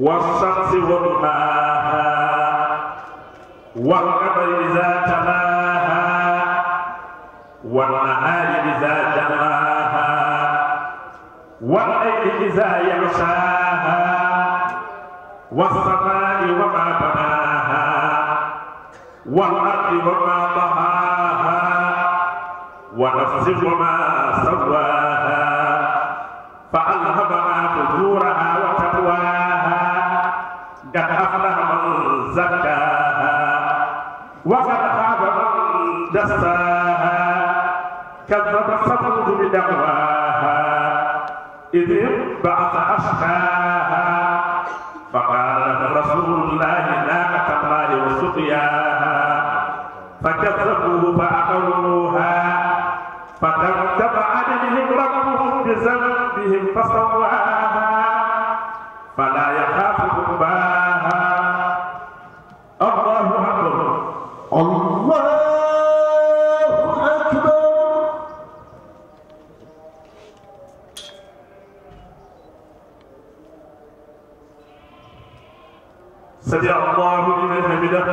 والشمس وضحاها والقمر إذا تلاها والنهار إذا جلاها والليل إذا يغشاها والسماء وما بناها والأرض وما ضحاها ونفس وما دعواها إذ بعث أشقاها فقال لهم رسول الله ناقة الله وسقياها فكذبوه فأقروها فتتبع عليهم ربهم بذنبهم فسوى سمع الله لمن حمده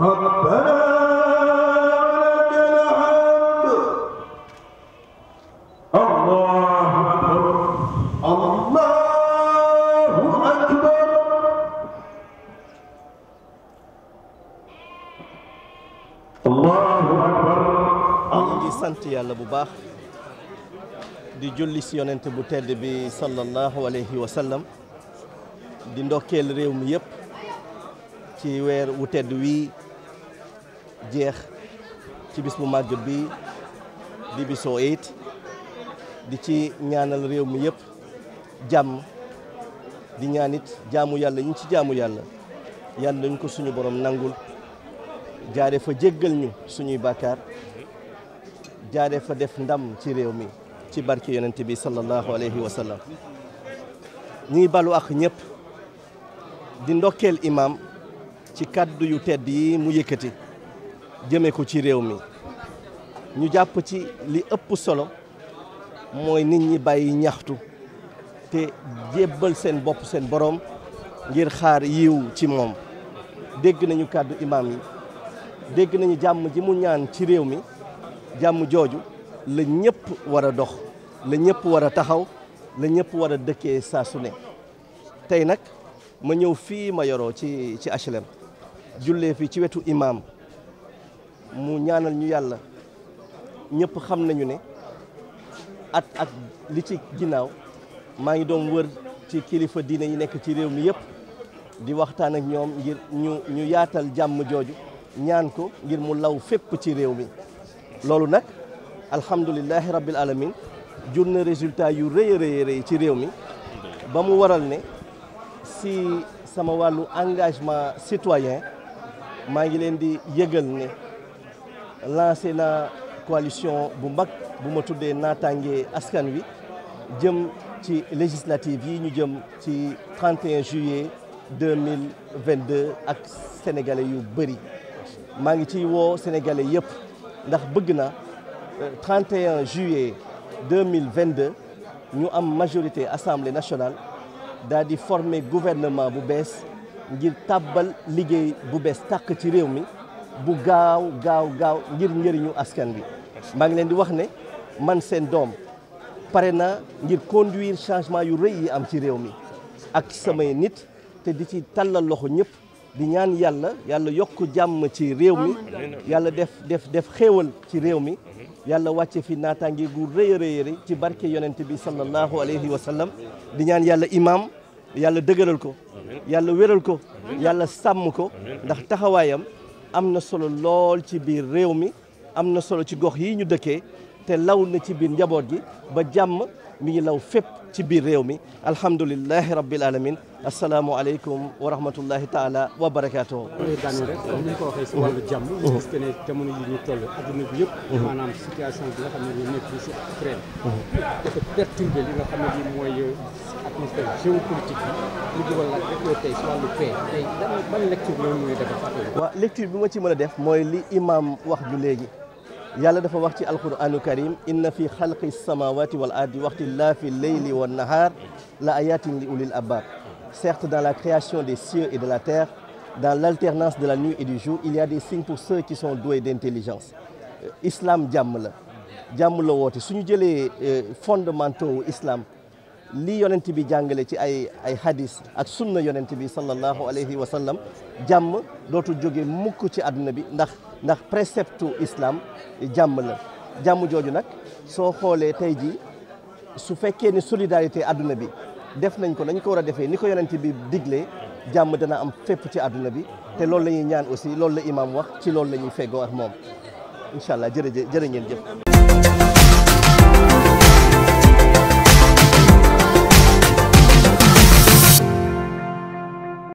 ربنا sant yàlla bu baax di julli si yonent bu tedd bi sallallahu alayhi wa sallam di ndokkeel réew mi yëpp ci weer wu tedd wii jeex ci bis bu màgg bi di bisoo it di ci ñaanal réew mi yëpp jàmm di ñaanit it jaamu yàlla ñu ci jaamu yàlla yàlla nañ ko suñu borom nangul jaare fa jéggal ñu suñuy bàkkaar jaare fa def ndam ci réew mi ci barke yonent bi sallallahu alayhi wa sallam balu ak ñëpp di ndokkeel imaam ci kàddu yu tedd yi mu yëkkati jëme ko ci réew mi ñu jàpp ci li ëpp solo mooy nit ñi bàyyi ñaxtu te jébbal seen bopp seen boroom ngir xaar yiw ci moom dégg nañu kàddu imaam dégg nañu jàmm ji mu ñaan ci réew mi jàmm jooju la ñëpp war a dox la ñëpp war a taxaw la ñëpp war a dëkkee saa tey nag ma ñëw fii ma yoroo ci ci HLM jullee fi ci wetu imaam mu ñaanal ñu yàlla ñëpp xam nañu ne at ak li ci ginnaaw maa ngi doon wër ci kilifa diine yi nekk ci réew mi yëpp di waxtaan ak ñoom ngir ñu ñu yaatal jàmm jooju ñaan ko ngir mu law fépp ci réew mi loolu nag alhamdulilahi rabbil alamin jur na résultat yu rëy rëy ci réew mi ba mu waral ne si sama wàllu engagement citoyen maa ngi leen di yëgal ne lancé na coalition bu mag bu ma tuddee naataange askan wi jëm ci législative yi ñu jëm ci 31 juillet 2022 ak sénégalais yu bëri maa ngi ciy woo sénégalais yëpp ndax bëgg na 31 euh, juillet 2022 ñu am majorité assemblée nationale daal di former gouvernement bu bees ngir tàbbal liggéey bu bees tàq ci réew mi bu gaaw gaaw gaaw ngir njëriñu askan bi maa leen di wax ne man seen doom pare na ngir conduire changement yu rëy yi am ci réew mi ak samay nit te di ci tàllal loxo ñëpp di ñaan yàlla yàlla yokk jàmm ci réew mi yàlla def def def xéewal ci réew mi yalla wàcce fi naataange gu rëy a ci barke yonent bi sallallahu alayhi wa di ñaan yàlla imam yàlla dëgëral ko yàlla wéral ko yàlla sàmm ko ndax taxawaayam am na solo lool ci biir réew mi am na solo ci gox yi ñu dëkkee te law na ci biir njaboot gi ba jàmm mi ngi law fépp ci biir réew mi alhamdulilahi rabbil alamin asalaamualeykum wa rahmatullahi taala wa barakaatu. daane rek comme ni ñu ko waxee si wàllu jàmm. situation bi xam ne ñu bi. tey si wàllu paix tey bi ma ci mën a def mooy li imam wax ju léegi. yàlla dafa wax ci alquranu karim inna fi xalqi samawati wal ardi waxtilaafi leyli wa nahar la ayatin li ulil albab certes dans la création des cieux et de la terre dans l'alternance de la nuit et du jour il y a des signes pour ceux qui sont doués d'intelligence euh, islam jàmm la jàmm la woote suñu jëlee euh, fondamentaux islam lii yonent bi jàngale ci ay ay hadis ak sunna yonent bi sallallahu alayhi wa sallam jàmm dootu jóge mukk ci àdduna bi ndax ndax préceptu islaam jàmm la jàmm jooju nag soo xoolee tey jii su fekkee ni solidarité àdduna bi def nañ ko nañ ko war a defee ni ko yonent bi diglee jàmm dana am fépp ci àdduna bi te loolu la ñuy ñaan aussi loolu la imaam wax ci lool la ñuy feggoo ak moom incha allah jërëjë jërë ngeen jëf